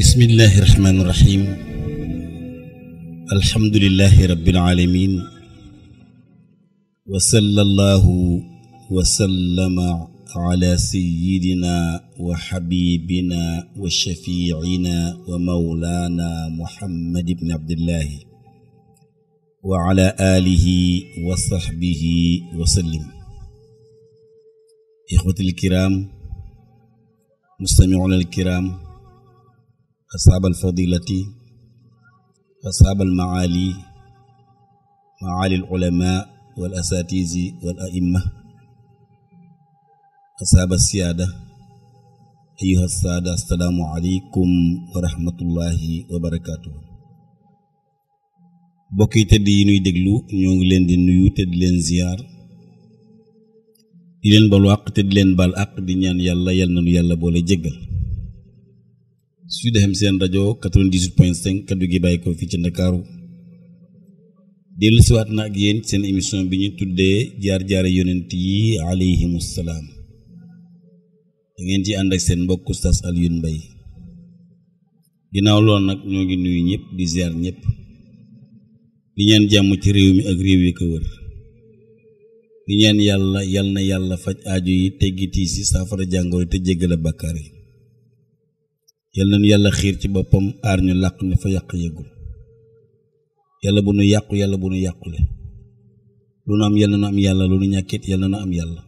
bismillahi irrahmaani irrahim alhamdulilahi rabbil aalamin wa sallallahu wa sallama ala sayyidina wa xabibina wa shafiicina wa mawlaana muhammad ibn abdillahi wa ala aalihi wa saxbihi wa sallim ixwatil kiraam mustamicuuna al kiraam asxaab alfadilati asxaab almaali maali alulama wal asatizi wal aimma asxaab alsiyaada ayuha saada assalaamu aleykum wa wa barakaatuhu bokk yi tëdd yi nuy déglu ñoo ngi leen di nuyu te di leen ziyaar di leen balu àq te di leen bal àq di ñaan yàlla yal na nu yàlla boole Sud FM seen rajo 98.5 kaddu gi bàyyi ko fii ci Ndakaaru dellu siwaat na ak yéen seen émission bi ñu tuddee jaar-jaare yonent yi alayhimu salaam da ngeen ci ànd ak seen mbokk Oustaz Alioune mbay ginnaaw loolu nag ñoo ngi nuyu ñëpp di ziar ñëpp di ñaan jàmm ci réew mi ak réew yi ko wër di ñaan yàlla na yàlla faj aajo yi teggi tiis yi saafara jàngoro te jéggal a bàkkaar yi yal nañu yàlla xiir ci boppam aar ñu làq ñu fa bu yàqu yàlla bu nu lu am yal na yàlla lu nu ñàkkit am yàlla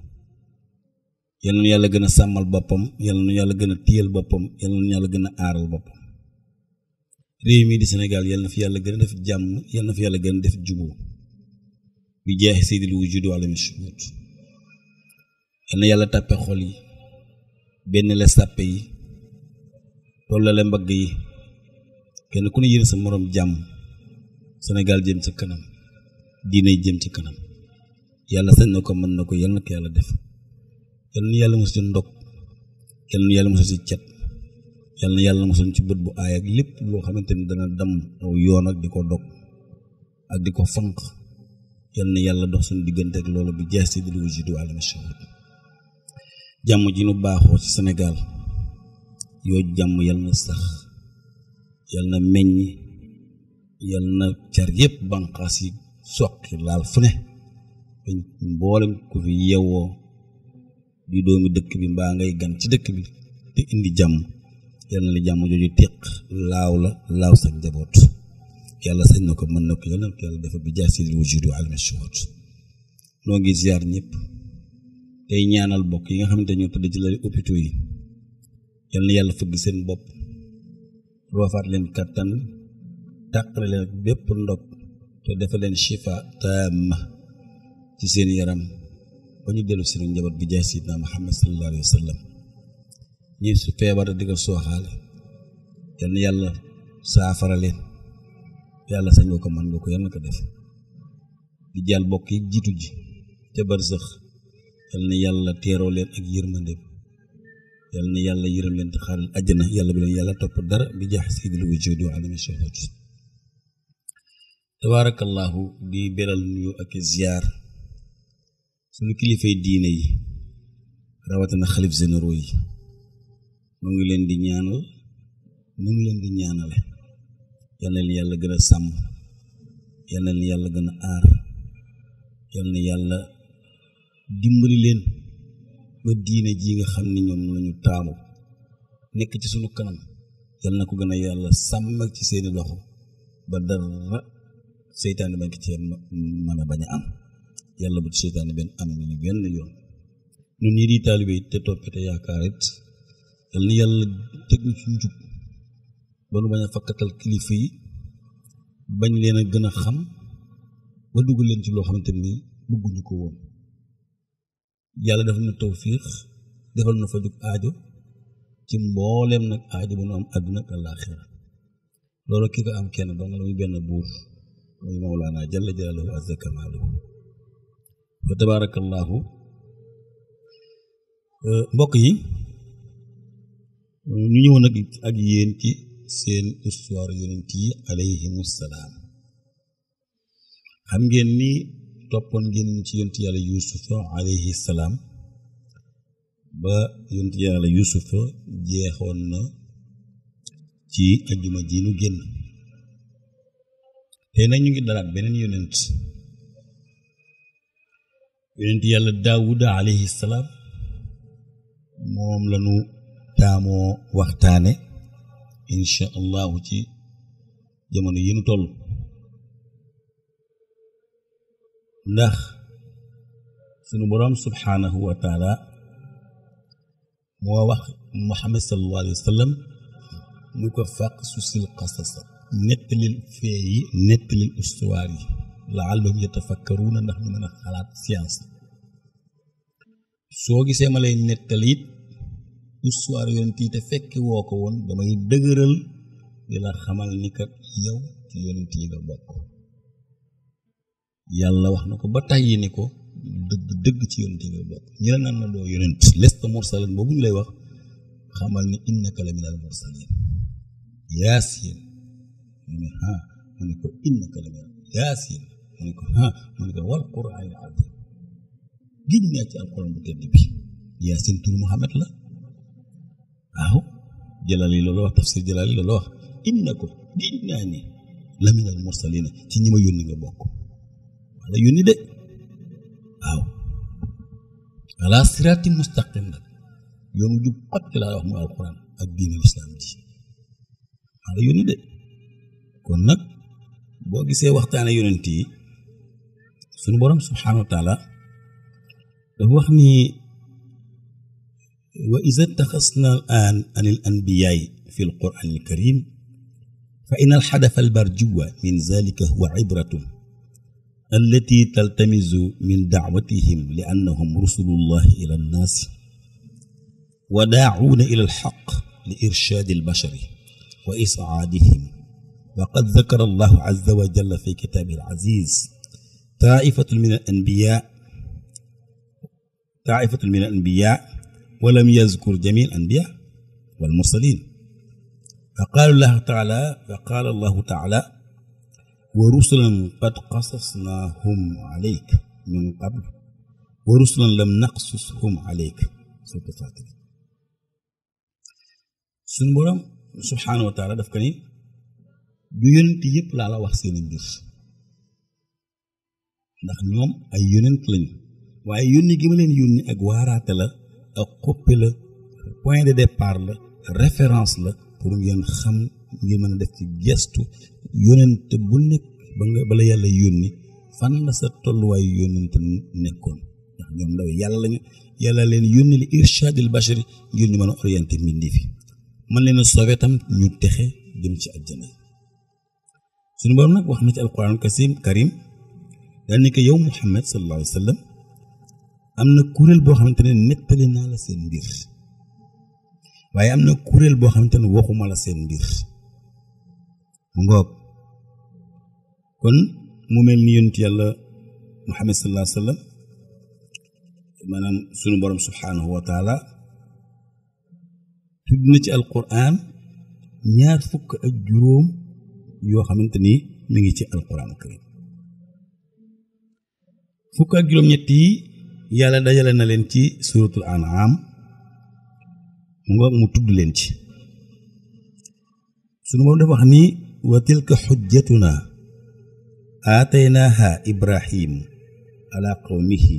yal yàlla gën a sàmmal boppam yal yàlla gën a téyal boppam yal yàlla gën a aaral mii di Sénégal yal fi yàlla gën a def jàmm yal na fi yàlla gën a def juboo bi jeex seydil wujudi alamin shuhud yal na yàlla tàppe xol yi benn la sàppe yi loolu tollale mbagg yi kenn ku ne yéen sa moroom jàmm Sénégal jëm ca kanam diine jëm ca kanam yàlla sañ na ko mën na ko yàlla na def yàlla na yàlla mosul ci ndog yàlla na yàlla mosul yàlla na yàlla ci bët bu aay ak lépp loo xamante ni dana dam yoon ak di ko dog ak di ko fanq yàlla na yàlla dox suñu diggante ak loolu bi jeex si di lu wujjudu alama jàmm ji nu baaxoo ci Sénégal yooyu jàmm yal na sax yal na meññ yal na car yëpp banqaas yi soqi laal fu ne bañ mboolem fi yewoo di doomi dëkk bi mbaa ngay gan ci dëkk bi te indi jàmm yal na la jàmm jooju téq laaw la laaw sa njaboot yàlla sañ na ko mën na ko yal na ko yàlla dafa bi jaay si li wujudu alma shuhud noo ngi ziar ñëpp tey ñaanal bokk yi nga xamante ñoo tëdd ci lali hôpitaux yi yal na yàlla fëgg seen bopp roofaat leen kàttan tàqale leen bépp ndok te dafa leen shifa taam ci seen yaram ba ñu dellu seen njaboot bi jaay sidna Muhammad sallallahu alayhi wa sallam ñi su feebar di ko sooxaale yal na yàlla saafara leen yàlla sañ nga ko mën nga ko yal na ko def di jàll bokk yi jiitu ji ca barsëx yal na yàlla teeroo leen ak yërmandeem yàlla na yàlla yërëm leen te xaaral àjjana yàlla bu leen yàlla topp dara bi jaax sayyidil wujuudi alami shuhuud tabaarakallaahu di beral nuyu ak ziar suñu kilifay diine yi rawatina xalif généraux yi mu ngi leen di ñaanal mu ngi leen di ñaanale yal na yàlla gën a sàmm yal na yàlla gën a aar yal na yàlla dimbali leen ba diine jii nga xam ne ñoom lañu taamu nekk ci sunu kanam yal na ko gën a yàlla sàmm ci seeni loxo ba dara seytaane bañ ko cee mën a bañ a am yàlla bu ci seytaane benn am ñu benn yoon ñun ñi di taalibe it te yaakaar it yal na yàlla teg ñu ci ba nu bañ a fakkatal kilifa yi bañ leen a gën a xam ba dugg leen ci loo xamante ni bëgguñu ko woon yàlla defal na tawfiix defal na fajug aajo ci mbooleem nag aajo bu nu am àdduna ak àllaaxira loolu ki ko am kenn dong la muy benn buur muy mawlaana jalla jalaaluhu azza kamaaluhu wa tabaarakallaahu euh, mbokk yi ñu ñëw ak yéen ci seen histoire yonent yi alayhimu salaam xam ngeen ni toppoon ngeen ci yonti yàlla yuusufa alayhi salaam ba yonti yàlla yuusufa jeexoon na ci ajjuma ji nu génn tey ñu ngi dalaat beneen yonent yonent yàlla daawuda alayhi salaam moom lañu taamoo waxtaane insha allahu ci jamono yi nu toll ndax sunu boroom subhaanahu wa moo wax Muhammad sallallahu alayhi wa sallam ko fàq su sil qasasa nettalil fee yi nettalil histoire yi laallahum ndax ñu mën xalaat science soo gisee ma lay nettali it histoire yonent yi te fekki woo ko woon damay dëgëral di la xamal ni kat yow ci yonent yi nga bokk yàlla wax na ko ba tàyyi ni ko dëgg dëgg ci yonente nga bokk ñi la naan ñu lay wax xamal ni innaka la minal mursalin yaasin mu ne ha mu ne ko innaka la minal yaasin mu ne ko ha mu ne ko wal quraan ci alquran bu tedd bi yaasin tur Muhammad la waaw Jalaali loolu wax tafsir Jalaali loolu wax inna ko giñ naa ni ci ñi ma yónni nga bokk maa la yónni de waaw ala siraati mustaqim nag yoonu jub xocc laa wax mu alquran ak diine lislaam ji maa la yónni de kon nag boo gisee waxtaane yonent yi suñu borom subhanahu wa taala dafa wax ni wa iza taxasna al an an al anbiyaay fi al quran al karim fa in al xadafa al barjuwa min zalika huwa ibratun allati taltamisu min daawatihim li annahum rusulullahi ila annaasi wa daauuna ila alxaq li irshaadi albashari wa isaadihim wa qad dakara allahu azza wa jalla fi kitaabihi alaziz taaifatu min alanbiya taaifatu min alanbiya wa lam yazkur jamii alanbiya walmursalin fa qaala allahu taala fa qaala allahu taala wa rusulan qad qasasnaahum aleyk min lam naqsushum aleyk suurat Faatir suñ borom subhaanahu wa daf ko ni du yonent yëpp laa la wax seeni mbir ndax ñoom ay yonent lañu waaye yónni gi ma leen yónni ak waaraate la ak xoppe la point de départ la référence la pour ngeen xam ngir mën a def ci gestu yónnente bu nekk ba nga bala yàlla yónni fan la sa tolluwaayu yónnente nekkoon ndax ñoom ndaw yàlla lañu yàlla leen yónni li irshadil bashari ngir ñu mën a orienté mbindi fi man leen na sauvé tam ñu texe dem ci àjjana suñu borom nag wax na ci alquran kasim karim daal ni ko yow muhammad sallallahu alayhi wa sallam am na kuréel boo xamante ne nettali naa la seen mbir waaye am na kuréel boo xamante ne waxuma la seen mbir mu ngoog kon mu mel ni yonent yàlla muhammad sunu borom subhaanahu wa tudd na ci alquran ñaar fukk ak juróom yoo xamante ni mu ngi ci alquran karim fukk ak juróom-ñett yàlla dajale na leen ci suratul an'am ngoog mu tudd leen ci sunu borom dafa wax ni wa tilka xujjatunaa aataynaaha ibrahim alaa qawmihi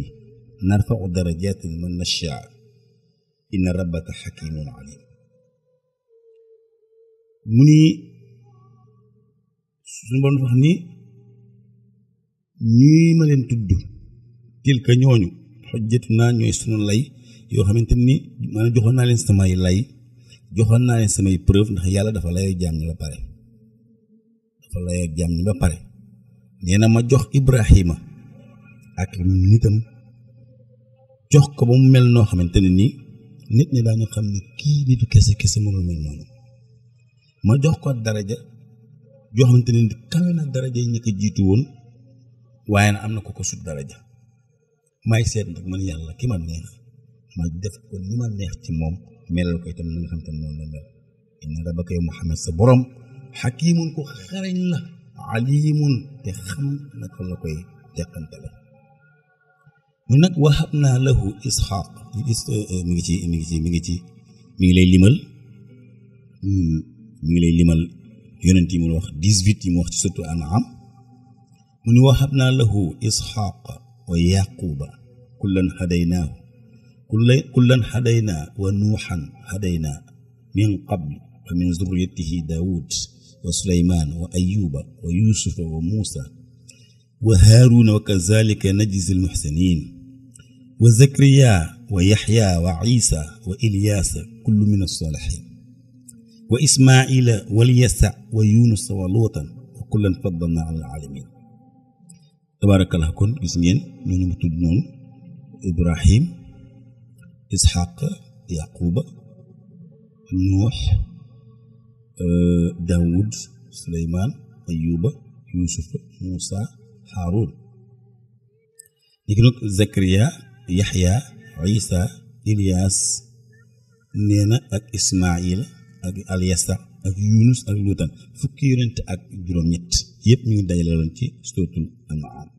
narfau darajaatin man nashaa inna rabbaka xakimun alim mu ni suñu bon wax ni ñii ma leen tudd tilka ñooñu xujjatunaa ñooy sunu lay yoo xamante ni maanaam joxoon naa leen samay lay joxoon naa leen samay preuve ndax yàlla dafa lay jàng la pare dafa layoog jaam ñi ba pare nee na ma jox Ibrahima ak jox ko ba mu mel noo xamante ne nii nit ñi daañu xam ne kii nitu kese kese moom la mel noonu ma jox ko daraja joo xamante ne kawe na daraja yi jiitu woon waaye na am na ko ko sut daraja may seet nag man yàlla ki ma neex def ko ni ma neex ci moom melal ko itam li xam te noonu la mel inna Muhammad sa borom xakimun ku xarañ la alimun te xam naka la koy teqantale ñu nag wahab naa lahu isxaq eh, mi ngi ci mi ngi mi ngi ci mi ngi lay limal hmm, mi ngi lay limal yonent yi mu wax dix-huit yi mu wax ci surtout anam mu ni wahab naa lahu isxaq wa yaquba kullan hadaynaahu kulla kullan hadaynaa wa nuuxan hadaynaa min qabl wa min zurriyatihi daawud wa suleymaan wa ayuba wa yusufa wa muusa wa haaruuna wa kazalika najzi almuxsinin wa zakariya wa yaxya wa ciisa wa ilyaasa kullu min alsaalihin wa ismaila walyasa wa yunusa wa luutan wa kullan faddalna ala alaalamin tabaarakallah kon gis ngeen ñooñu mu tudd noonu ibrahim isxaq yaquba nuux Euh, Daawud Suleymaan Ayuba Yuusufa Muusa Haaruun ni ki nag Zakariya Yaxya Isa Ilyaas nee na ak Ismaayil ak Alyasa ak Yunus ak Luutan fukki yonent ak juróom-ñett yëpp mu ngi dajaleeloon ci suratul An'aam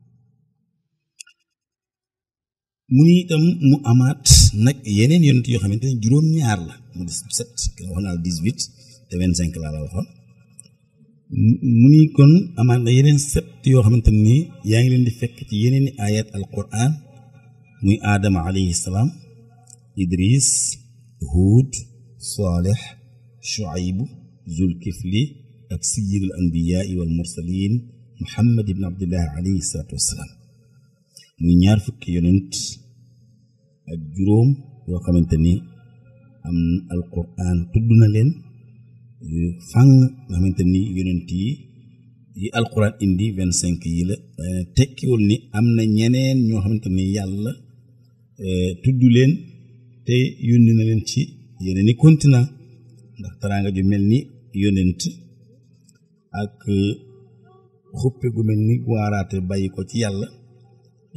mu ni itam mu amaat nag yeneen yonent yoo xamante ne juróom-ñaar la mu des sept wax naa dix-huit te vingt cinq laa la waxoon mu ni kon amaat na yeneen sept yoo xamante ni yaa ngi leen di fekk ci yeneen i ayat al quran muy aadama alayhi salaam idris huud saalix shuaybu zulkifli ak sayyidul anbiyaai wal mursalin muhammad ibn abdillahi fukki yonent ak juróom yoo xamante ni am alquran tudd na leen fàng nga xamante ni yonent yi yi alquran indi vingt cinq yi la eh, tekkiwul ni am na ñeneen ñoo xamante ni yàlla eh, tudd leen te yónni na leen ci yeneen i continent ndax taraanga ju mel ni yonent ak eh, xuppe gu mel ni waaraate bàyyi ko ci yàlla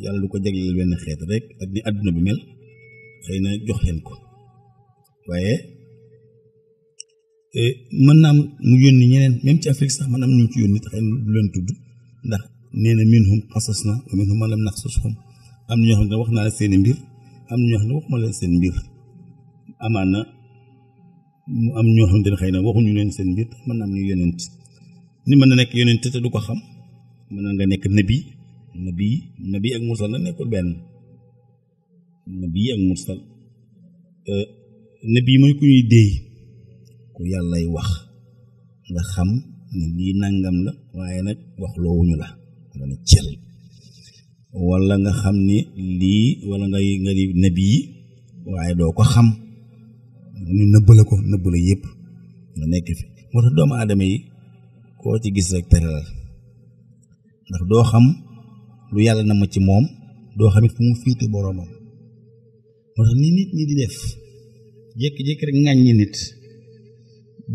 yàlla du ko jagleel benn xeet rek ak ni àdduna bi mel xëy na jox leen ko waaye mën naa mu yónni ñeneen même sax mën am ñu ci yónni taxay du leen tudd ndax nee na minhum xasas na wa minhum man lam naxsushum am na ñoo xam ne wax naa seen mbir am na ñoo xam seen mbir amaan na mu am ñoo xam xëy na waxuñu leen seen mbir mën naa ñu yonent ni mën na nekk yonent te ko xam mën na nga nekk nabi nabi nabi ak mursal na nekkul benn nabi ak mursal euh, nabi mooy ku ñuy déey ku yàllay wax nga xam ne lii nangam la waaye nag wax loowuñu la nga nga xam ni lii wala nga nga di nabi yi waaye doo ko xam ñu nëbb la ko nëbb la yëpp nga nekk fi moo tax doomu aadama yi koo ci gis rek tere la ndax doo xam lu yàlla na ma ci moom doo xam fu mu fiite boroomam moo tax ni nit ñi di def jékki-jékki rek ŋàññi nit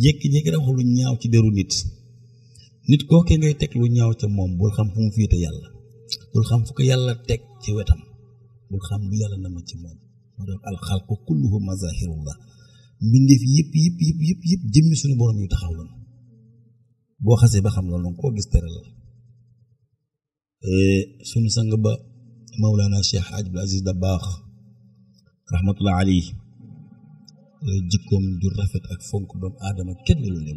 jékki-jékki dafa lu ñaaw ci deru nit nit kookee ngay teg lu ñaaw ca moom bul xam fu mu féete yàlla bul xam fu ko yàlla teg ci wetam bul xam lu yàlla na ma ci moom moo doon alxalqu kulluhu mazahirullah mbindeef yëpp yëpp yëpp yëpp yëpp jëmmi suñu borom yu taxaw lan boo xasee ba xam loolu koo gis tere la eh, suñu sang ba Mawlana Cheikh Abdul Aziz Dabakh rahmatullah alayhi jikkoom du rafet ak fonk doom aadama kenn lu ne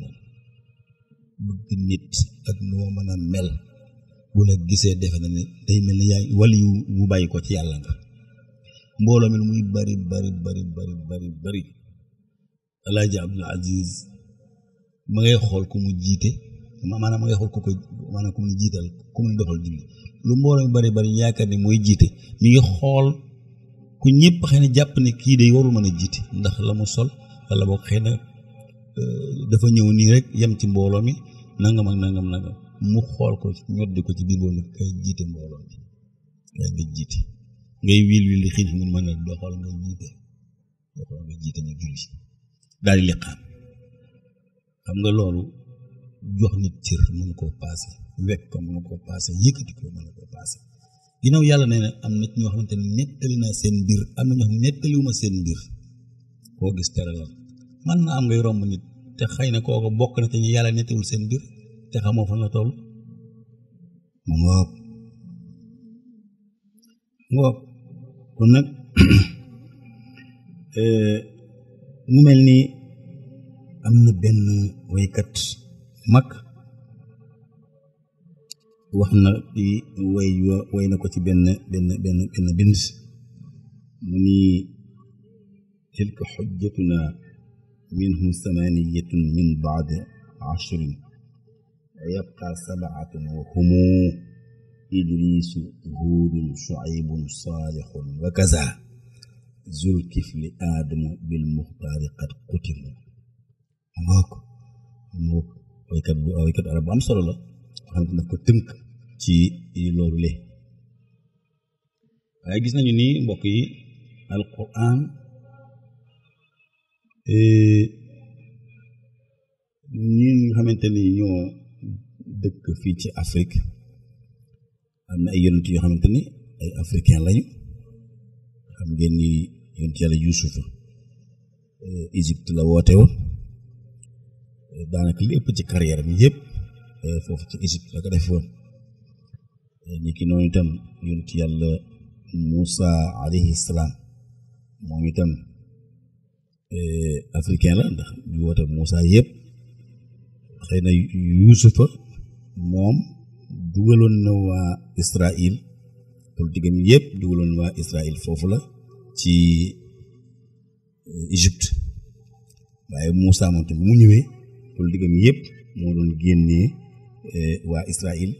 moom bëgg nit ak noo mën a mel wala gisee defe na ne day mel ne yaay mu bàyyi ko ci yàlla nga mbooloo mi muy bari bari bari bari bari bari abdul aziz ma ngay xool ku mu jiite maanaam ma ngay xool ku ko maanaam ku mu jiital ku muy lu mbooloo mi bari bari yaakaar ni mooy jiite mi ngi xool ku ñëpp xëy na jàpp ne kii de warul mën a jiite ndax la mu sol wala boo xëy na euh, dafa ñëw nii rek yem ci mbooloo mi nangam ak nangam nangam mu xool ko ñoddi ko ci biir boobu nag kay jiite mbooloo mi kay nga jiite ngay wil wil li xiin mun mën na doxal nga jiite doxal nga jiite ñu julli daal di liqaam xam nga loolu jox nit cër mën koo paase wekk ko mun mën koo paase yëkkati ko mën koo paase ginnaaw yàlla nee na am na ñoo xamante ne nettali naa seen mbir am na ñoo xam nettaliwuma seen mbir koo gis teralal man na am ngay romb nit te xëy na kooku bokk te yàlla nettaliwul seen mbir te xamoo mu nag eh, mu mel ni am na benn waykat mag wax na ci way way na ko ci benn benn benn benn bind mu ni tilka xujjatuna minhum samaniyatun min baad ashrin wa yabqa sabaatun wa humu idrisu huudun shuaybun saalixun wa kaza zulkifli aadamu bil muxtaari qad qutimu ngook ngook waykat bu waykat arab bu am solo la xam ne ko tënk ci loolu le waaye gis nañu ni mbokk yi alquran eh, ñi nga xamante ni ñoo dëkk fii ci Afrique am na ay yonent yoo xamante ni ay africain lañu xam ngeen ni yonent yàlla Yuusuf eh, Égypte la woote woon eh, daanaka lépp ci carrière bi yëpp Eh, foofu ci Égypte la ko def woon eh, ni ki noonu itam yonent yàlla Moussa alayhi salaam moom itam eh, africain la ndax ñu woote Moussa yëpp xëy na Yuusufa moom dugaloon na waa Israil pour diggam yëpp dugaloon waa Israil foofu la ci Égypte waaye Moussa moom tamit mu ñëwee pour diggam yëpp moo doon génnee Eh, waa Israël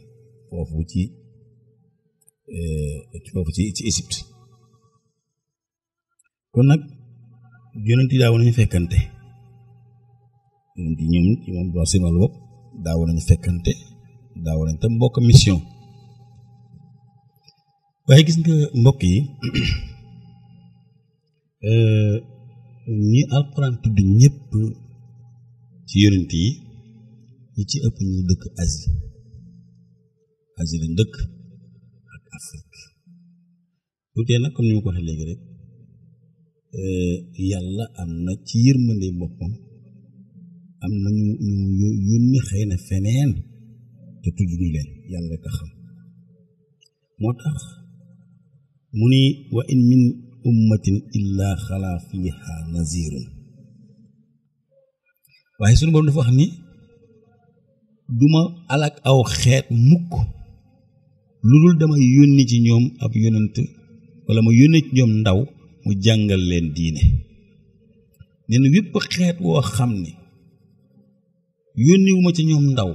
foofu eh, ci foofu ci ci Égypte nag yonent yi daawoon fekkante yonent yi ñoom ci moom wax seen wàllu bopp daawoon fekkante daawoon nañu tam mbokk mission waaye gis nga mbokk yi eh, ñi alxuraan tudd ñëpp ci yonent ñi ci ëpp ñu dëkk Asie Asie lañ dëkk ak Afrique tuutee nag comme ni ma ko waxee léegi rek eh, yàlla am na ci yërmande boppam am na ñu ñu yónni xëy na feneen te tudd ñu leen yàlla rek xam moo tax mu ni wa in min ummatin illa xalaa fiiha nazirun waaye suñu boroom dafa wax ni duma alak aw xeet mukk lu dul dama yónni ci ñoom ab yónnent walla ma yónni ci ñoom ndaw mu jàngal leen diine nee na wépp xeet woo xam ni yónniwuma ci ñoom ndaw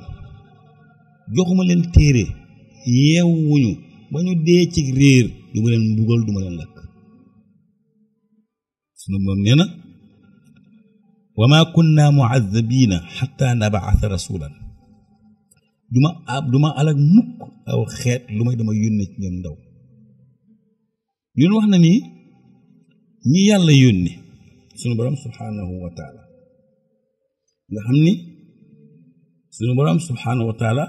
joxuma leen téere yeewuñu ba ñu dee ci réer duma leen mbugal duma leen lakk sunu moom nee na wa ma kunna muazzabiina xatta nabaasa rasulan du ma ab du ma mukk aw xeet lu may dama yónnee ci ñoom ndaw ñun wax na ni ñi yàlla yónni sunu borom subhaanahu wa nga xam ni sunu borom subhaanahu wa taala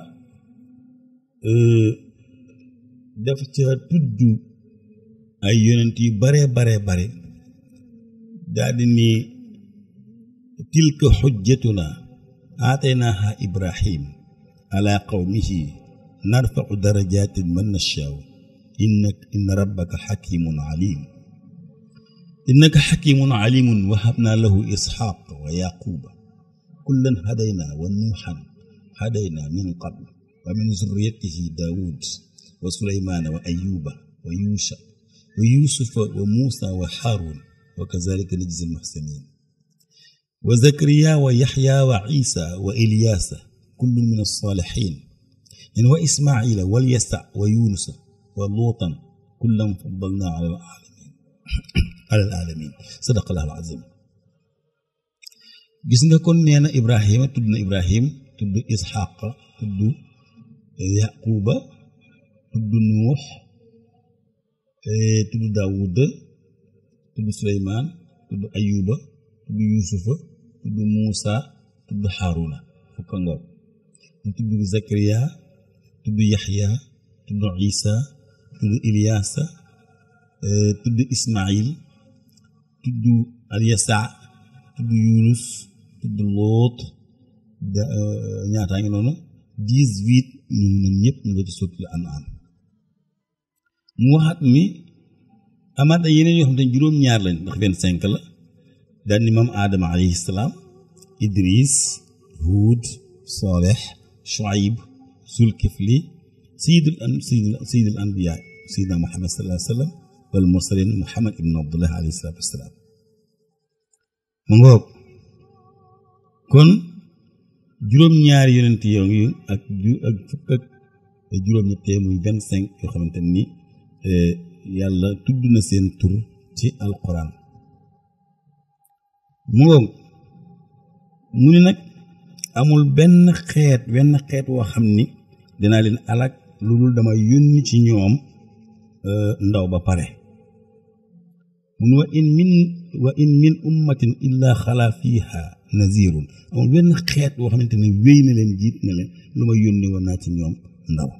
euh, ca tudd ay yonent yu baree baree bare daal di ni tilka xujjatuna aataynaaha ibrahim ala qawmihi narfau darajaatin man nashaau innak inna rabbaka xakimun alim innaka xakimun alimun wahabnaa lahu isxaaq wa yaquuba kullan hadaynaa wa nuuxan hadaynaa min qabl wa min zurriyatihi daawud wa suleymaana wa ayuuba wa yuusha wa yuusufa wa muusa wa xaaruun wa kazalika najzi almuxsiniin wa zakariya wa yaxya wa ciisa wa ilyaasa kullun min as-saalihiin len wa ismaila wal yasa wa yunusa wa luutan kullan faddalnaa alal aalamiin alal aalamiin sadaqallaahu al-aziim gis nga kon nee na ibrahima tudd na ibrahim tudd isxaq tudd yaquba tudd nuux eh, tudd daawud tudd suleymaan tudd ayuba tudd yusufa tudd muusa tudd xaaruna fukka ngoog mu tudd Zakariya tudd Yaxya tudd Isa tudd Ilyaasa eh, tudd Ismaayil tudd Alyasa tudd Yunus tudd Loot eh, ñaataa ngi noonu dix-huit ñu ñoom ñëpp ñu nga ci suuratul An'aam mu waxaat mi amaat ay yeneen yoo xam te juróom-ñaar lañ ndax vingt-cinq la daal ni maam Aadama alayhi Shuayb Zulkifli sayyidul an sayyidul anbiya sayyidina Muhammad sallallahu alayhi wa sallam wal mursalin Muhammad ibn Abdullah alayhi mu ngoog kon juróom-ñaari yonent yooyu ak ak fukk ak juróom-ñettee muy vingt cinq yoo xamante ni eh, yàlla tudd na seen tur ci alquran mu ngoog mu ne nag amul benn xeet benn xeet woo xam ni dinaa leen alak lu dul damay yónni ci ñoom euh, ndaw ba pare mun wa in min wa min ummatin illaa xalaa fiiha nazirun amul benn xeet woo xamante ne wéy na leen jiit na leen lu ma yónni woon naa ci ñoom ndaw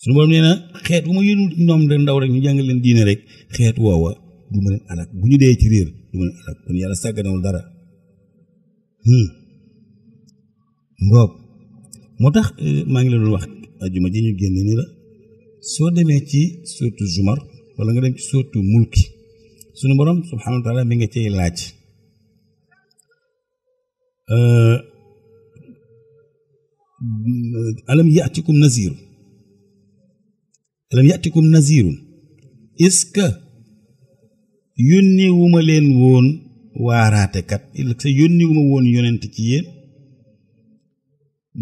suñu borom nee na xeet bu ma yónnul ci ñoom ndaw rek ñu jàngal leen diine rek xeet woowa du leen alak bu ñu dee ci réer du leen alak kon yàlla sàgganewul dara ngoob moo tax euh, maa ngi la wax ajuma ji ñu génn ni la soo demee ci surtu zumar wala nga dem ci surtu mulki sunu borom subhanahu wa taala nga cay laaj euh, alam yatikum naziru alam yatikum nazirun est-ce que leen woon waaraatekat sa yónniwuma woon yonent ci yéen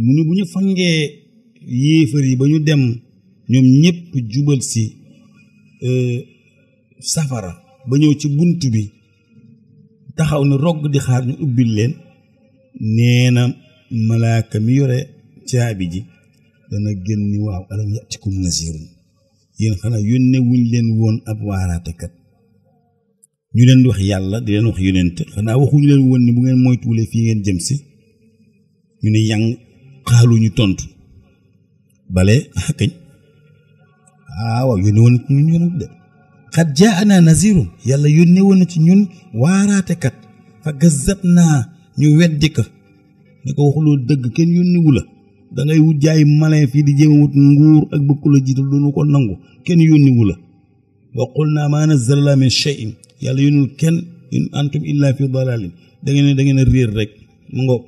mu ni bu ñu fangee yéefar yi ba ñu dem ñoom ñëpp jubal si euh, safara ba ñëw ci bunt bi taxaw ni rogg di xaar ñu ubbil leen nee na malaaka mi yore caabi ji dana génn ni waaw alam yàtikum nasirun yéen xanaa yónne wuñ leen woon ab waaraatekat ñu leen di wax yàlla di leen wax yonent xanaa waxuñu leen woon ni bu ngeen moytuwulee fii ngeen jëm si ñu ne yang xaaluñu tontu bale ah kañ ah waaw yónne woon na ci ñun yàlla yónne na ci ñun waaraatekat fa gazab naa ñu weddi ko ne ko waxuloo dëgg kenn yónniwu la da ngay wut jaay malin fii di jéem a wut nguur ak bëgg ku la jiital ko nangu kenn yónniwu la wa naa maa nazzala min shay'in yàlla yónul kenn in antum illa fi dalalin da ngeen a réer rek mu ngoog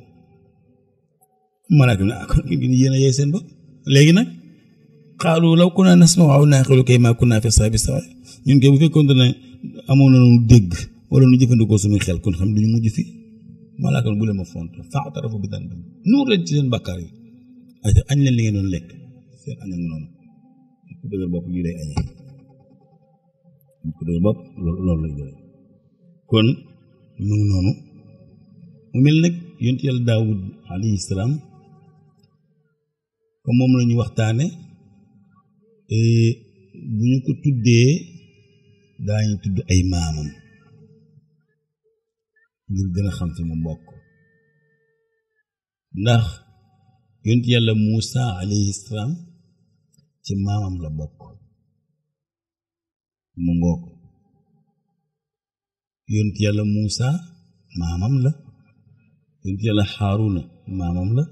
malaaka bi ne ah, kon yéen a yey seen ba léegi nag xaalu law kunna nasma'u aw na'qilu kay ma kunna fi ashabi sa'i ñun kay bu fekkoon ne amoon nañu wala nu jëfandikoo suñu xel kon xam duñu mujj fii malaaka bule leen ma font fa'tarafu bi dhanbihim nuur leen ci seen bakkaar yi añ leen li ngeen doon lekk seen a ngi noonu ku dëgër bopp lii añee buñ ko kon mu ngi noonu mu mel nag yàlla daawud alayhi salaam comme moom la ñu waxtaane bu ñu ko tuddee daañu tudd ay maamam ngir gën a xam fi mu bokk ndax yonent yàlla Muusa alayhi salaam ci maamam la bokk mu ngoog yonent yàlla Muusa maamam la yonent yàlla Haaruna maamam la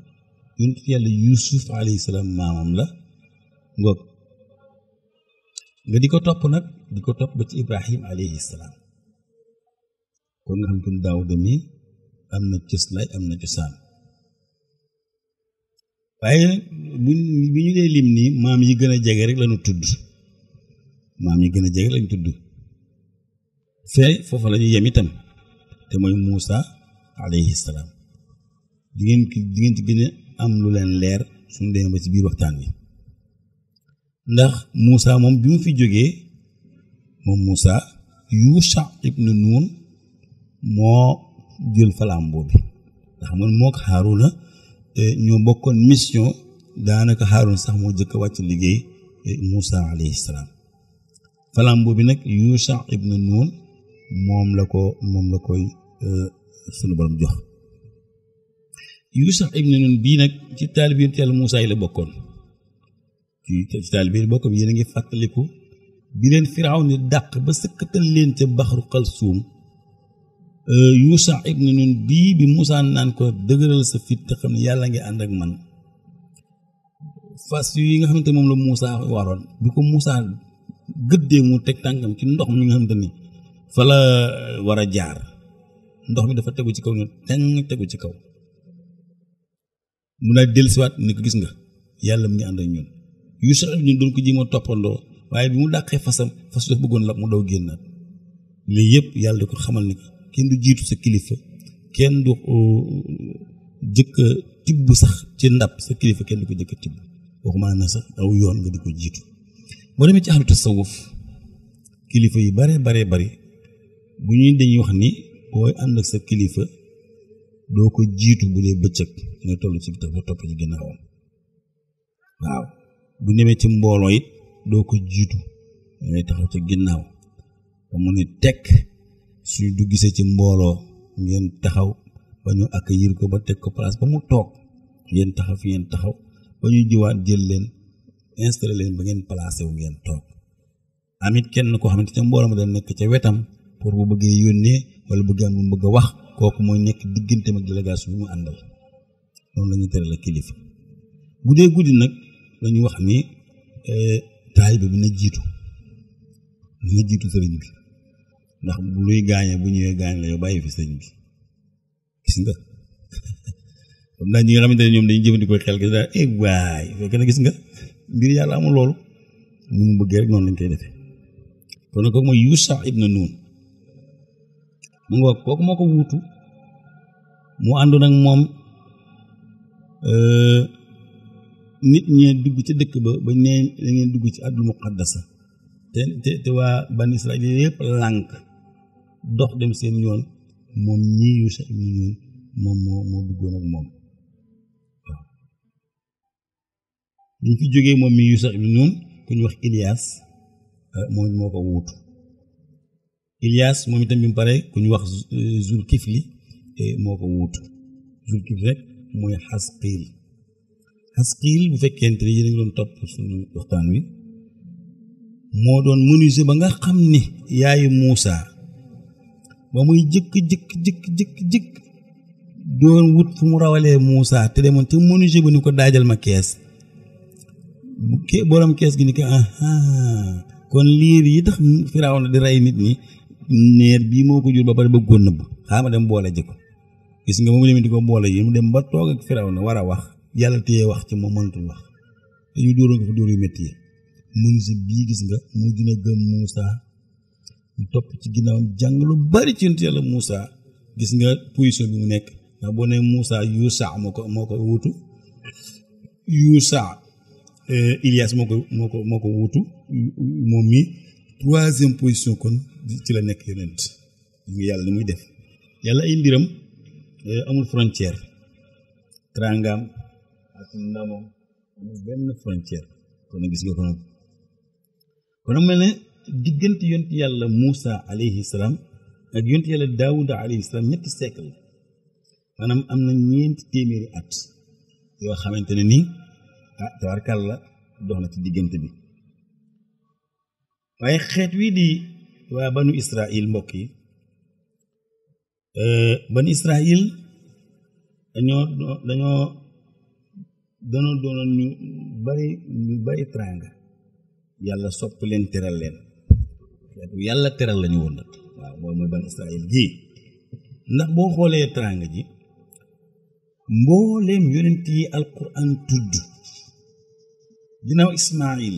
yonent yàlla Yuusuf maamam la ngoog nga di ko topp nag di ko topp ba ci Ibrahim alayhi salaam kon nga xam mi am na cëslaay am na cosaan waaye nag bi ñu dee lim nii maam yi gën a jege rek lañu tudd maam yi gën a jege lañ tudd fee foofa la yem itam te mooy Muusa alayhi salaam di ngeen di ci gën am lu leen leer suñu demee ba ci biir waxtaan wi ndax Muusa moom bi mu fi jógee moom Muusa Yuusa ibnu Nuun moo jël falaam bi ndax man moo ko Haaruna eh, ñoo bokkoon mission daanaka Haaruna sax moo jëkk a wàcc liggéey eh, Muusa alayhi salaam flambeau bi nag Yuusa ibnu Nuun moom la ko moom la koy euh, sunu borom jox Yuusa ibnu Nuun bii nag ci taalibi teel Muusaa yi la bokkoon ci ci taalibi bokkoon yéen a ngi fàttaliku bi leen Firaaw ni dàq ba sëkkatal leen ca baxru Xalsuum euh, Yuusa ibnu Nuun bii bi Muusaa naan ko dëgëral sa fit te xam ne yàlla ngi ànd ak man fas yi nga xamante moom la Muusaa waroon bi ko Muusaa gëddee mu teg tànkam ci ndox mi nga xam xamante ni fa la euh, war a jaar ndox mi dafa tegu ci kaw ne ten tegu ci kaw mu daal dellusiwaat ni ko gis nga yàlla mu ngi ànd ak ñun yu ñu doon ko jéem a waaye bi mu dàqee fasam fas bëggoon lab mu daw génnaat lii yëpp yàlla di ko xamal ni kenn du jiitu sa kilifa kenn du euh, jëkk a tibb sax ci ndab sa kilifa kenn du ko jëkk a tibb waxumaa na sax aw yoon nga di ko jiitu boo demee ci ahlu tasawuf kilifa yu bare bare bari bu ñuy dañuy wax ni booy ànd ak sa kilifa doo ko jiitu bu dee bëccëg nga tollu ci dafa topp ci ginnaawam waaw bu demee ci mbooloo it doo ko jiitu dangay taxaw ci ginnaaw ba mu ne tekk su du gisee ci mbooloo ngeen taxaw ba ñu accueillir ko ba teg ko place ba mu toog ngeen taxaw fi ngeen taxaw ba ñu jiwaat jël leen installé leen ba ngeen placé wu ngeen toog amit kenn koo xamante ca mbooloo ma dana nekk ca wetam pour bu bëggee yónnee wala bëgg am lu mu bëgg a wax kooku mooy nekk digganteem ak délégation bi mu àndal noonu la ñuy tëral kilifa bu dee guddi nag lañu wax ni eh, taalibe bi na jiitu na jiitu sëriñ bi ndax bu luy gaañee bu ñëwee gaañ la yow bàyyi fi sëriñ bi gis nga xam naa ñi nga xamante ne ñoom dañuy jëfandikoo xel gis daal eh waay fekk gis nga ngir yàlla amul loolu nu mu bëggee rek noonu lañ koy defee kon nag kooku mooy Yuusa ibn Nuun mu nga kooku moo ko wuutu mu àndoon ak moom euh, nit ñee dugg ci dëkk ba ba nee da ngeen dugg ci àddul muqaddasa te te waa ban Israel yëpp lànk dox dem seen yoon moom ñii Yuusa ibn Nuun moom moo duggoon ak moom bi ñu fi jógee moom mi Yuusuf ibn Nun ku ñu wax Ilias euh, moom moo ko wuutu Ilias moom itam bi mu pare ku ñu wax Zulkifli euh, moo ko wuutu Zulkifli rek mooy Xasqiil Xasqiil bu fekkente ni yéen a ngi doon topp suñu waxtaan wi moo doon menuisier ba nga xam ni yaayu Muusa ba muy jëkk jëkk jëkk jëkk jëkk doon wut fu mu rawalee Muusa te demoon te menuisier ba ni ko daajal ma kees ke borom kees gi ni kon liir yi tax Firawna di rey nit ñi neer bii moo ko jur ba ba bëggoon nëbb xaama dem boole ji ko gis nga moom limit di ko boole yi mu dem ba toog ak na war a wax yàlla téye wax ci moom mënatul wax dañu dóoroon ko fa dóor yu métti yi mun si bii gis nga mu dina gëm Moussa mu topp ci ginnaawam jàng lu bari ci yàlla Moussa gis nga position bi mu nekk ndax boo ne Moussa Yuusa moo ko moo ko wutu Yuusa Euh, Ilias moo ko moo ko moo wutu moom mi troisième position ci la nekk yonent ngi yàlla ni muy def yàlla ay mbiram euh, amul frontière trangaam ak ndamam amul benn frontière kon nag gis nga ko kon nag mel ne diggante yonent yàlla Moussa alayhi salaam ak yonent yàlla Daawuda alayhi salaam ñetti siècle maanaam am na ñeenti téeméeri at yoo xamante ne nii ah tabarkal la dox na ci diggante bi waaye xeet wii di waa banu israil mbokk yi euh, banu israil dañoo dañoo dañoo doonoon ñu bari ñu bari yàlla sopp leen teral leen xeet yàlla teral lañu woon nag waaw mooy banu israil gii ndax boo xoolee tranga ji mbooleem yonent yi alquran tudd ginnaaw Ismaayil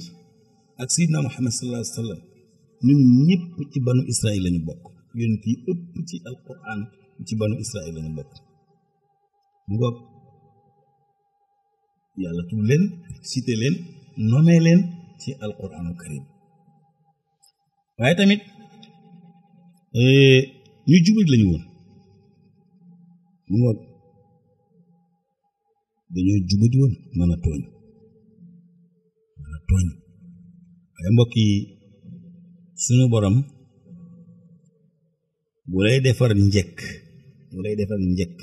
ak Seydina Muhammad sallallahu alayhi ñun ñëpp ci banu Israël lañu bokk yonent yi ëpp ci alquran ci banu Israël lañu bokk mu yàlla tudd leen cité leen nommé leen ci alquranu karim waaye tamit eh, ñu jubal lañu woon mu bokk dañoo jubadi woon mën a tooñ tooñ waaye mbokk yi sunu borom bu lay defar njekk bu defar njëkk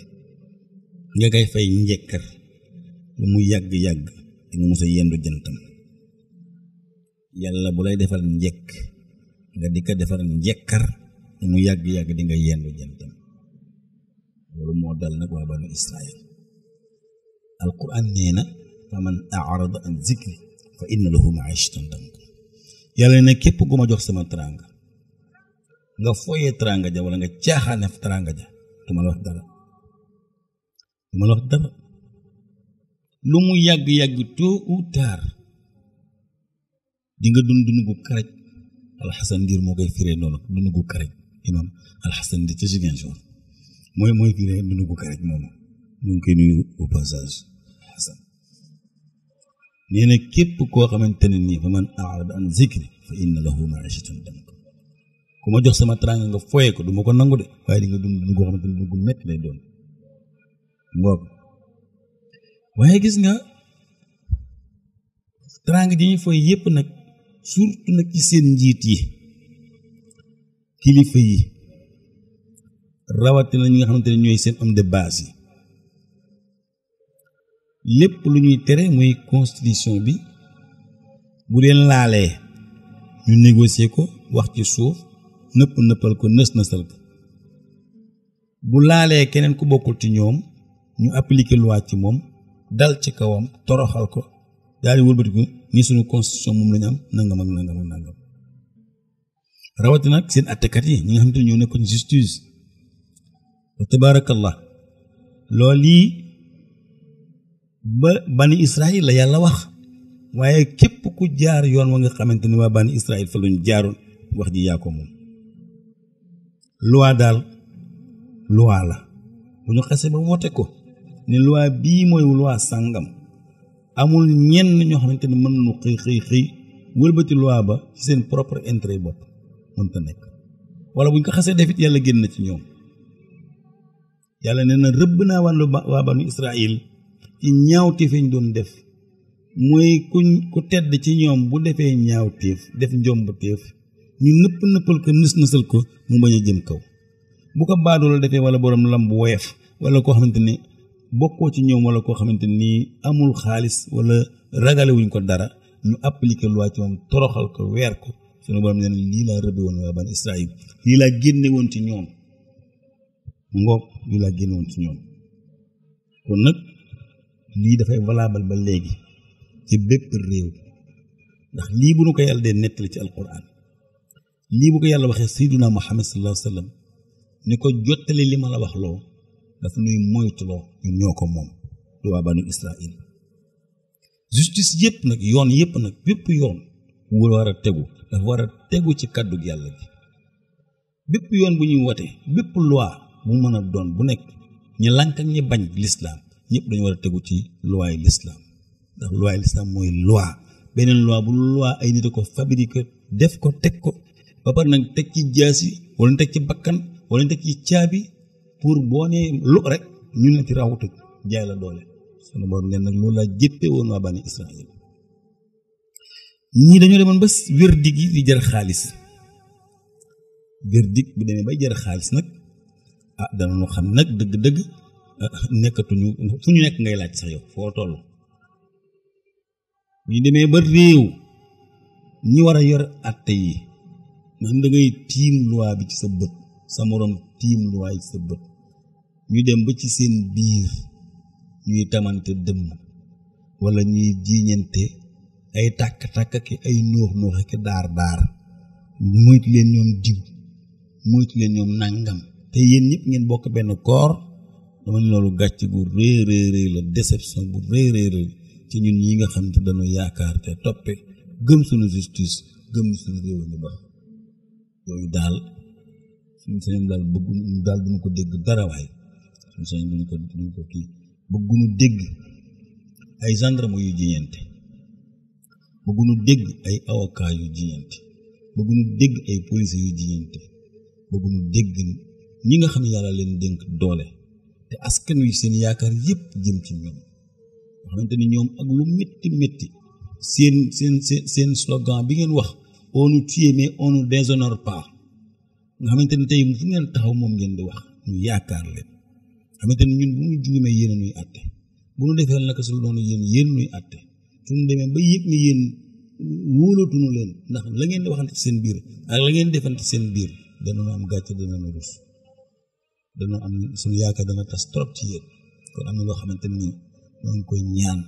nga koy fay njëkkar lu mu yàgg-yàgg di nga mos yendu jantam yàlla bu lay defar njëkk nga di ko defar njëkkar lu mu yàgg-yàgg di nga yendu jantam loolu moo dal nag waa banu israil alquran nee na fa man arada an zikri fa inna lahu ma'ishatan danka yàlla ne képp ku ma jox sama teraanga nga fooyee teraanga ja wala nga caaxaane teraanga ja du la wax dara du ma lu mu yàgg-yàgg tôt ou tard di nga dund dund gu karaj alxasan ndiir moo koy firee noonu dund gu karaj imam alxasan ndiir ca Ziguinchor mooy mooy firee dund gu karaj moomu ñu ngi koy nuyu au nee na képp koo xamante ne nii fa man aarada an zikri fa inna lahu maishatan dank ku ma jox sama teraanga nga foye ko du ma ko nangu de waaye di nga dund dund koo xamante ne dund gu métti lay doon ngoog waaye gis nga teraanga ji ñuy foye yépp nag surtout nag ci seen njiit yi kilifa yi rawatina ñi nga xamante ne ñooy seen homme de base yi lépp lu ñuy tere muy constitution bi bu leen laalee ñu négocier ko wax ci suuf nëpp nëppal ko nës nësal ko bu laalee keneen ku bokkul ci ñoom ñu appliquer loi ci moom dal ci kawam toroxal ko daal di wëlbatiku ni suñu constitution moom lañu am nangam ak nangam ak nangam rawati nag seen attekat yi ñi nga xam te ne ñoo nekkoon justice wa tabaarakallah loolu yi ba banni Israël la yàlla wax waaye képp ku jaar yoon wa nga xamante ni waa banni Israël fa luñ jaarul wax ji yaa ko moom loi daal loi la bu ñu xase ba wote ko ne loi bii mooy loi sàngam amul ñenn ñoo xamante ni mën nañu xëy xëy xëy wëlbati loi ba ci seen propre intérêt bopp mënta nekk wala bu ñu ko xasee defit yàlla génn na ci ñoom yàlla nee na rëbb naa waa banu Israël ci ñaawteef ñu doon def mooy kuñ ku tedd ci ñoom bu defee ñaaw ñaawteef def njombuteef ñu nëpp nëppal ko nës nësal ko mu bañ a jëm kaw bu ko baadoola defee wala borom lam bu woyof wala koo xamante ne bokkoo ci ñoom wala koo xamante nii amul xaalis wala ragale ko dara ñu appliquer loi ci moom toroxal ko weer ko sunu borom nee na lii laa rëbbe woon waa ban Israël lii laa génne woon ci ñoom ngoog lii laa génne ci ñoom kon nag lii dafay valable ba léegi ci bépp réew ndax lii bu nu ko yàlla dee nettali ci alquran lii bu ko yàlla waxee sayyiduna muhammad sallallahu alayhi wa sallam ni ko jottali li ma la wax loo dafa nuy moytuloo ñun ñoo ko moom du waa banu israil justice yëpp nag yoon yëpp nag bépp yoon wu war a tegu dafa war a tegu ci kàddu yàlla gi bépp yoon bu ñuy wote bépp loi bu mën a doon bu nekk ñi lànk ak ñi bañ lislaam ñépp dañu war a tegu ci loi yi l'islam ndax loi yi l'islam mooy loi beneen loi bu loi ay nit a ko fabriqué def ko teg ko ba pare nag teg ci jaasi wala teg ci bakkan wala teg ci caabi pour boo nee lu rek ñu ne ci rawatu jaay la doole sunu borom ne nag loolu laa jëppee woon waa bani Israël ñii dañoo demoon ba wérdi gi di jar xaalis wérdi bi demee bay jar xaalis nag ah danañu xam nag dëgg-dëgg Euh, nekkatuñu fu ñu nekk ngay laaj sax yow foo toll ñu demee ba réew ñi war a yor atte yi ndax da ngay tiim loi bi ci sa bët sa moroom tiim loi yi ci sa bët ñu dem ba ci seen biir ñuy tamante dëmm walla ñuy jiiñante ay tàkk-tàkk ki ay nóox nóox ki daar daar moytu leen ñoom diw moytu leen ñoom nàngam te yéen ñëpp ngeen bokk benn koor dama ne loolu gàcc gu rëy rëy rëy la déception bu réer rëy ci ñun ñi nga xam ne dañu yaakaar te toppe gëm suñu justice gëm suñu réew ñu baax yooyu daal suñu sañoon daal bëgguñu daal duñu ko dégg dara waaye suñu sañoon duñu ko duñu ko kii bëgguñu dégg ay gendarme yu jiñante bëgguñu dégg ay avocat yu jiñante bëgguñu dégg ay police yu jiñante bëgguñu dégg ñi nga xam ne yàlla leen dénk doole te askan wi seen yaakaar yëpp jëm ci ñoom nga xamante ni ñoom ak lu métti métti seen seen seen seen slogan bi ngeen wax on nous onu mais on nous nga xamante ni tey fu ngeen taxaw moom ngeen di wax ñu yaakaar leen xamante ni ñun bu ñu juumee yéen a ñuy àtte bu nu defee naka su doon yéen yéen ñuy àtte suñu demee ba yëpp ni yéen wóolatuñu leen ndax la ngeen di waxante seen biir ak la ngeen defante seen biir danañu am gàcce danañu rus dana am suñu yaakaar dana tas trop ci yéen kon am na loo xamante nii ñoo ngi koy ñaan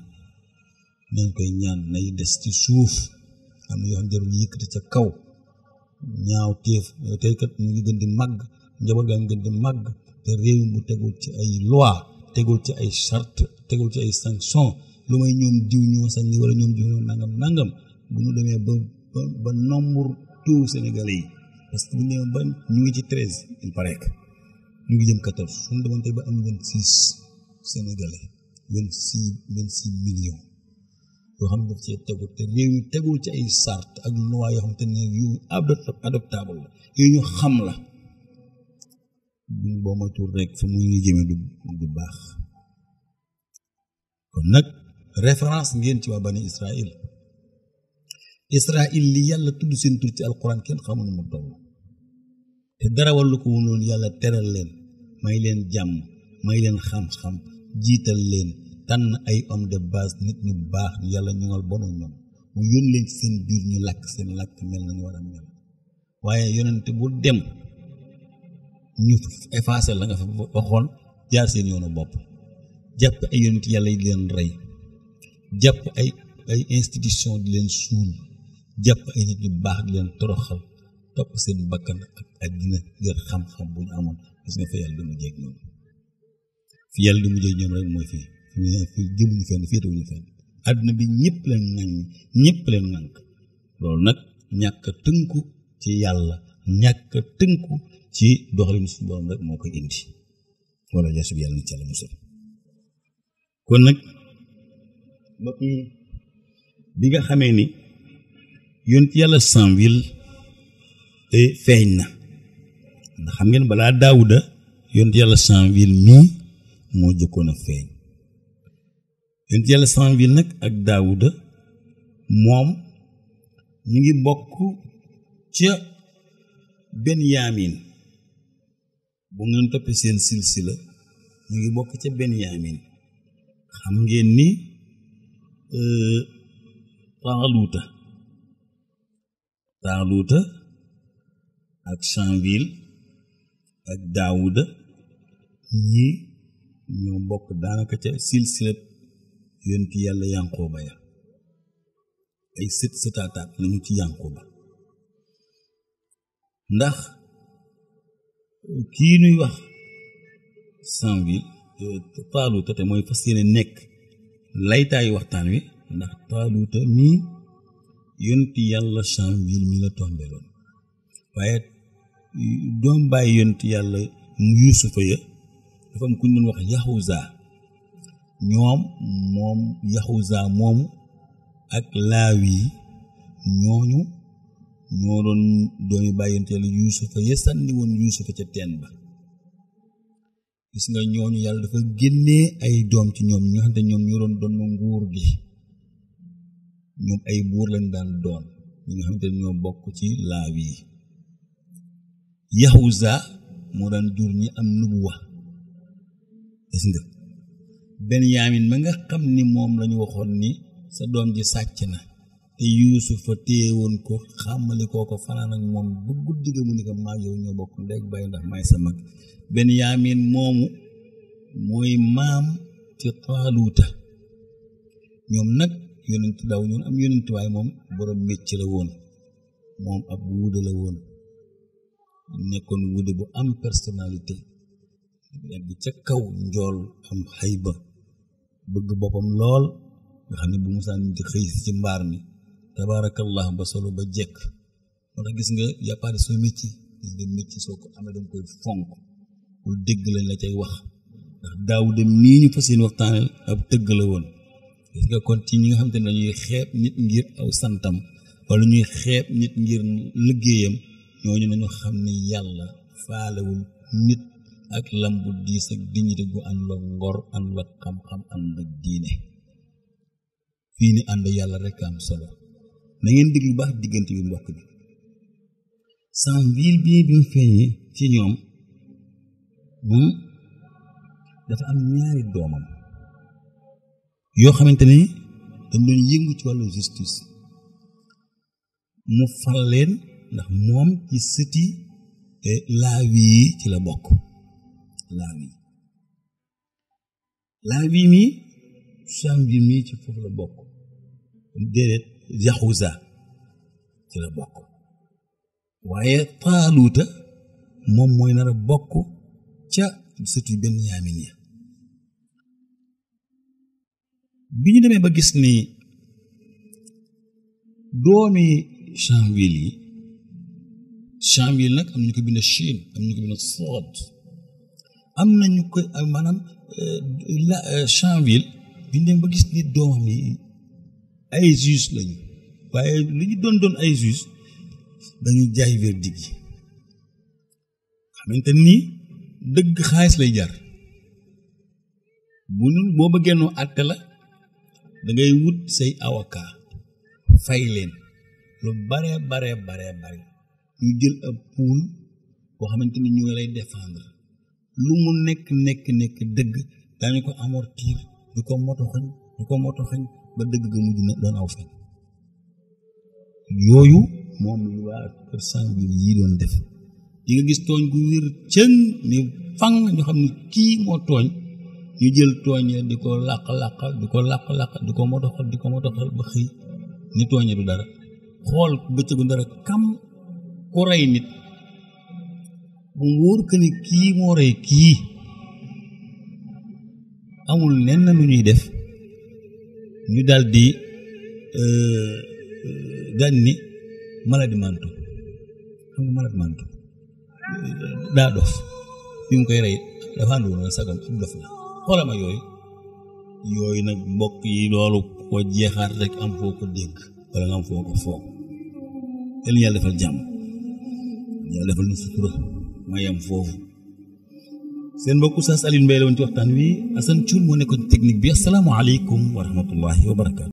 ñoo ngi koy ñaan nay des ci suuf am na yoon xam jarul yëkkati ca kaw ñaaw téef tey kat ñu ngi gën di màgg njaboot gaa ngi gën di màgg te réew mu tegul ci ay loi tegul ci ay charte tegul ci ay sanction lu may ñoom diw ñoo sañ ni wala ñoom diw ñoo nangam nangam bu mu demee ba ba nombre tout Sénégalais yi parce que ba ñu ngi ci treize il paraît ñu ngi jëm quatorze suñu demante ba am vingt six sénégalais vingt six yoo xam ne daf cee tegu te réew yi tegul ci ay sart ak loi yoo xam te ne yu adoptable la yu ñu xam la buñ boo ma tur rek fu mu ñuy jëmee du baax kon nag référence ngeen ci waa bani Israël Israël li yàlla tudd seen tur ci alquran kenn xamul mu toll te dara wàllu ko woon yàlla teral leen may leen jàmm may leen xam-xam jiital leen tànn ay homme de base nit ñu baax yàlla ñoŋal bonu ñoom mu yónni leen ci seen biir ñu làkk seen làkk mel ñu war a mel waaye yonente bu dem ñu effacé la nga fa waxoon jaar seen yoonu bopp jàpp ay yonent yàlla yi di leen rey jàpp ay ay institution di leen suul jàpp ay nit ñu baax di leen toroxal topp seen bakkan ak dina ngir xam-xam bu ñu amoon gis nga fa yàlla du mu jeeg ñoom fi yàlla du mu jeeg ñoom rek mooy fi bi ñëpp leen ŋañ ñëpp leen ŋànk nag ñàkk tënku ci yàlla ñàkk tënku ci doxalin suñu borom rek moo koy indi wala yeesu bi yàlla na ci yàlla kon nag bi nga xamee ni yonent yàlla sanwil feeñ na ndax xam ngeen balaa daawuda yoon yàlla Samwil mii yàlla nag ak daawuda moom mi ngi bokk ca Benyamin bu ngeen toppee seen silsila mu ngi bokk ca Benyamin xam ngeen ni euh, taaluuta taaluuta ak Chanville ak Daouda ñii ñoo bokk daanaka ca silsilat yonent yàlla Yanqooba ya ay sët sëtaataat lañu ci Yanqooba ndax kii nuy wax Chanville euh, Taaluuta te mooy fas yéene nekk laytaayu waxtaan wi ndax Taaluuta mii yonent yàlla Chanville mi la tombeloon waaye doom bàyyi yàlla mu yuusufa ya dafa am ku ñu doon wax yahuza ñoom moom yahuza moomu ak laaw yi ñooñu ñoo doon doomi bàyyi yont yàlla yuusufa ya sànni woon ca teen ba gis nga ñooñu yàlla dafa génnee ay doom ci ñoom ñoo xam ñoo doon doon nguur gi ñoom ay buur lañ daan doon ñi nga xam ne ñoo bokk ci laaw yi Yahuza moo daan jur ñi am nubuwa gis nga Benyamin ma nga xam ni moom lañu waxoon ni sa doom ji sàcc na te yuusufa téye woon ko xàmmali koo ko fanaan ak moom ba guddi mu ni ko maa ñoo bokk ndeg bàyyi ndax may sa mag Benyamin moomu mooy maam ci Taaluuta ñoom nag yonent daw ñoon am yonent waaye moom borom mécc la woon moom ab wuuda la woon nekkoon wude bu am personnalité yàgg ca kaw njool am ba bëgg boppam lool nga xam ne bu musaan di xëy si mbaar mi tabaarakallah ba solo ba jekk moo tax gis nga yàppaari soo métier gis nga métier soo ko amee danga koy fonk bul dégg lañ la cay wax ndax daaw dem nii ñu fas yéene waxtaaneel ab tëgg la woon gis nga kon ci ñi nga xam te ne dañuy xeeb nit ngir aw santam wala ñuy xeeb nit ngir liggéeyam ñooñu nañu xam ne yàlla faalewul nit ak lam bu diis ak dignité gu àndul ak ngor àndul ak xam-xam àndul ak diine fii ni ànd yàlla rek am solo na ngeen lu baax diggante bi mbokk bi Samweel bii bi mu feeñee ci ñoom dafa am ñaari doomam yoo xamante ne dañ doon yëngu ci wàllu justice mu fal ndax moom ci sëti laawi ci la bokk laawi laawi mi changi mii ci foofu la bokk déedéet yaxuza ci la bokk waaye taaluuta moom mooy nara a bokk ca sëti benn ya bi ñu demee ba gis ni doomi chanville yi chamil nag am nañu ko bind chine am nañu ko bind sood am nañu ko maanaam euh, la euh, bi ñu ba gis ni doomam yi ay juge lañu waaye li ñu doon doon ay juge dañu jaay verdict yi xamante ni dëgg xaalis lay jar bu ñu boo bëggee àtte la dangay wut say avocat fay leen lu bare bare bare bare ñu jël ab pool boo xamante ni ñoo lay défendre lu mu nekk nekk nekk dëgg daañu ko amortir du ko motoxañ du ko motoxañ ba dëgg ga mujj na doon aw fen yooyu moom lu waa kër saint yii doon def di nga gis tooñ gu wér cën ni fang ñu xam ne kii moo tooñ ñu jël tooñee di ko làq-làqal di ko làq-làqal di ko motoxal di ko motoxal ba xëy ni tooñee du dara xool bëccëgu dara kam ku rey nit mu wóor que ni kii moo rey kii amul lenn lu ñuy def ñu daal di euh, euh, gan ni maladie mantu xam nga maladie mantu euh, daa dof bi mu koy rey dafa àndoon na sagam am dof la xoolal ma yooyu yooyu nag mbokk yi loolu ko jeexaat rek am foo ko dégg wala nga am foo ko foog yàlla yàlla defal jàmm yàlla defal ñu sutura maa yem foofu seen mbokk Oustaz Alioune Mbaye la woon ci waxtaan wi Assane Thioune moo nekkoon technique bi asalaamaaleykum wa rahmatullahi wa barakaatu.